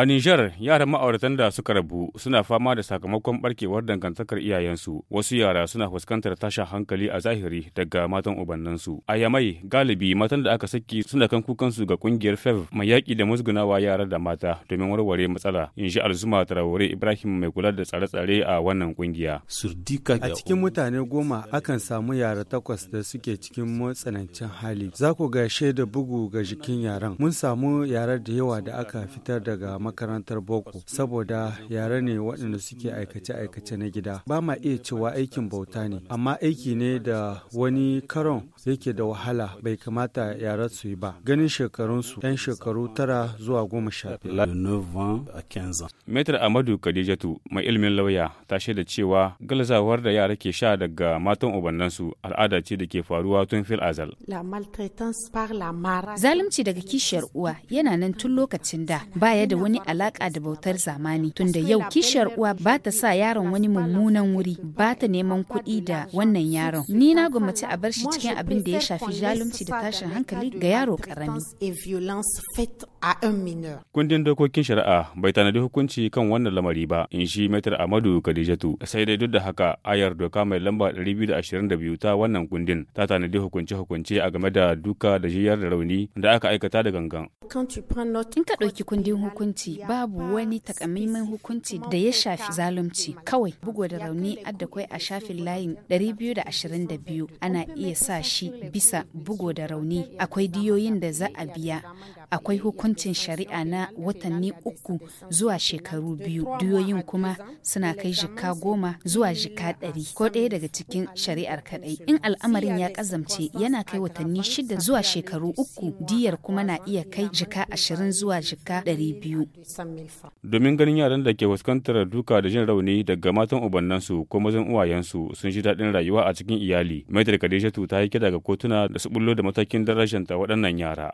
A Nijar, yaran ma'auratan da suka rabu suna fama da sakamakon barkewar dangantakar iyayensu. Wasu yara suna fuskantar tashin hankali a zahiri daga matan ubannansu. A Yamai, galibi matan da aka saki suna kan kukansu ga kungiyar FEV mai yaƙi da musgunawa yara da mata domin warware matsala. In ji Alzuma Traore Ibrahim mai kula da tsare-tsare a wannan kungiya. A cikin mutane goma akan samu yara takwas da suke cikin matsanancin hali. Za ku ga shaida bugu ga jikin yaran. Mun samu yara da yawa da aka fitar daga makarantar boko saboda yare ne waɗanda suke aikace-aikace na gida ba ma iya cewa aikin bauta ne amma aiki ne da wani karon yake da wahala bai kamata yara su yi ba ganin shekarunsu 'yan shekaru tara zuwa goma sha Metar Amadu kadijatu mai ilimin lauya ta shaida cewa galazawar da yara ke sha daga matan ubannansu al'ada ce da ke faruwa tun fil azal. Zalunci daga kishiyar uwa yana nan tun lokacin da baya da wani wani alaka da bautar zamani tunda yau kishiyar uwa ba ta sa yaron wani mummunan wuri ba ta neman kuɗi da wannan yaron ni na gwamnati a bar shi cikin abin da ya shafi jalumci da tashin hankali ga yaro karami kundin dokokin shari'a bai tanadi hukunci kan wannan lamari ba in shi metar amadu kadijatu sai dai duk da haka ayar doka mai lamba 222 ta wannan kundin ta tanadi hukunce-hukunce a game da duka da jiyar da rauni da aka aikata da gangan in ka ɗauki kundin hukunci hukunci babu wani takamaiman hukunci da ya shafi zalunci kawai bugu da rauni kwai a shafin layin 222 ana iya sa shi bisa bugu da rauni akwai diyoyin da za a biya akwai hukuncin shari'a na watanni uku zuwa shekaru biyu diyoyin kuma suna kai jika goma zuwa jika ɗari ko ɗaya daga cikin shari'ar kaɗai in al'amarin ya ƙazamce yana kai watanni shida zuwa shekaru uku diyar kuma na iya kai jika ashirin zuwa jika ɗari biyu Domin ganin yaran da ke fuskantar duka da jin rauni daga matan ubannansu ko mazan uwayensu sun ji daɗin rayuwa a cikin iyali. Maitar Kadishatu ta yi kira ga kotuna da su bullo da matakin darajanta waɗannan yara.